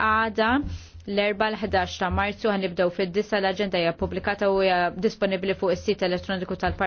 għada l erba l-11 ta' marzu għan nibdew fil disa l-agenda hija pubblikata u hija disponibbli fuq is-sit elettroniku tal